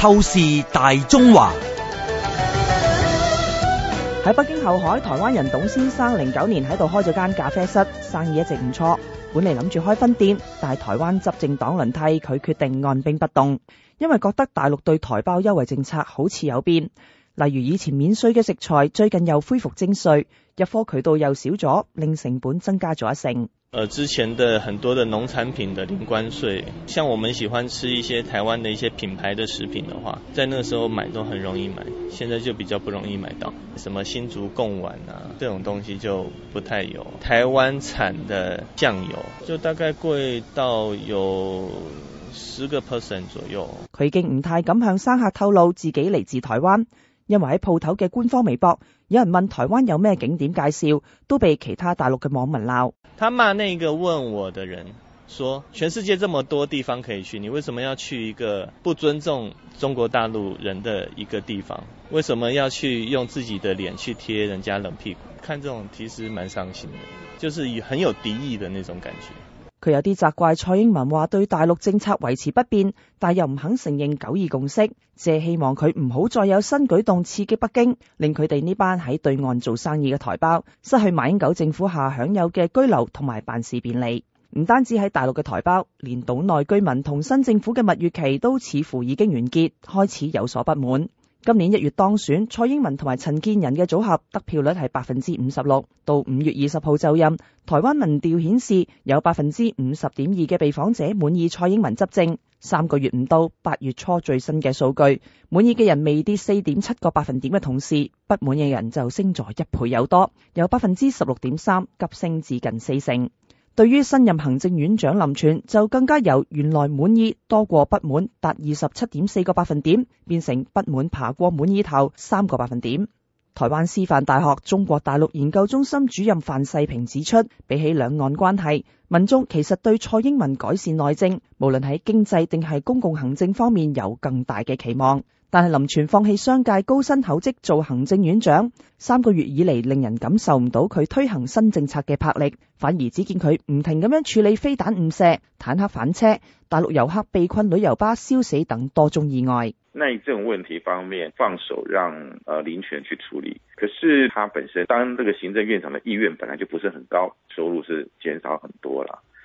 透視大中華，喺北京後海，台灣人董先生零九年喺度開咗間咖啡室，生意一直唔錯。本嚟諗住開分店，但係台灣執政黨輪替，佢決定按兵不動，因為覺得大陸對台胞優惠政策好似有變，例如以前免稅嘅食材最近又恢復徵稅，入貨渠道又少咗，令成本增加咗一成。呃，之前的很多的農產品的零關稅，像我們喜歡吃一些台灣的一些品牌的食品的話，在那個時候買都很容易買，現在就比較不容易買到，什麼新竹貢丸啊，這種東西就不太有。台灣產的醬油就大概貴到有十個 percent 左右。佢已經唔太敢向商客透露自己嚟自台灣。因為喺鋪頭嘅官方微博，有人問台灣有咩景點介紹，都被其他大陸嘅網民鬧。他罵那個問我的人說：全世界這麼多地方可以去，你為什麼要去一個不尊重中國大陸人的一個地方？為什麼要去用自己的臉去貼人家冷屁股？看這種其實蠻傷心嘅，就是以很有敵意的那種感覺。佢有啲責怪蔡英文話，對大陸政策維持不變，但又唔肯承認九二共識。借希望佢唔好再有新舉動刺激北京，令佢哋呢班喺對岸做生意嘅台胞失去馬英九政府下享有嘅居留同埋辦事便利。唔單止喺大陸嘅台胞，連島內居民同新政府嘅蜜月期都似乎已經完結，開始有所不滿。今年一月當選蔡英文同埋陳建仁嘅組合得票率係百分之五十六，到五月二十號就任。台灣民調顯示有百分之五十點二嘅被訪者滿意蔡英文執政，三個月唔到，八月初最新嘅數據，滿意嘅人未跌四點七個百分點嘅同時，不滿意嘅人就升咗一倍有多，有百分之十六點三急升至近四成。對於新任行政院長林全就更加由原來滿意多過不滿達二十七點四個百分點，變成不滿爬過滿意頭三個百分點。台灣師範大學中國大陸研究中心主任范世平指出，比起兩岸關係，民眾其實對蔡英文改善內政，無論喺經濟定係公共行政方面，有更大嘅期望。但係林全放棄商界高薪厚職做行政院長，三個月以嚟令人感受唔到佢推行新政策嘅魄力，反而只見佢唔停咁樣處理飛彈誤射、坦克反車、大陸遊客被困旅遊巴燒死等多種意外。內政問題方面放手讓，呃林全去處理，可是他本身當這個行政院長的意願本來就不是很高，收入是減少很多啦。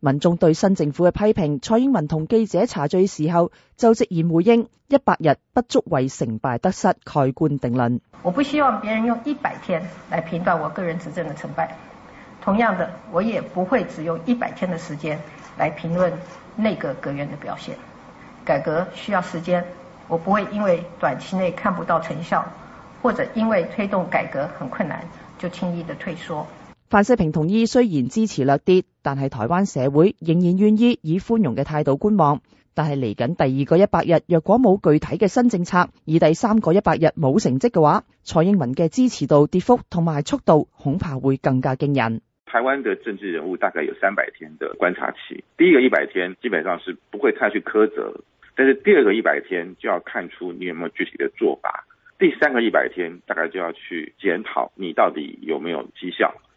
民眾對新政府嘅批評，蔡英文同記者查詢時候就直言回應：一百日不足為成敗得失蓋棺定論。我不希望別人用一百天來評斷我個人執政的成敗，同樣的，我也不會只用一百天的時間來評論內閣閣員的表現。改革需要時間，我不會因為短期內看不到成效，或者因為推動改革很困難，就輕易的退縮。范世平同意，雖然支持略跌，但係台灣社會仍然願意以寬容嘅態度觀望。但係嚟緊第二個一百日，若果冇具體嘅新政策，而第三個一百日冇成績嘅話，蔡英文嘅支持度跌幅同埋速度恐怕會更加驚人。台灣嘅政治人物大概有三百天嘅觀察期，第一個一百天基本上是不會太去苛責，但是第二個一百天就要看出你有冇有具體嘅做法，第三個一百天大概就要去檢討你到底有沒有績效。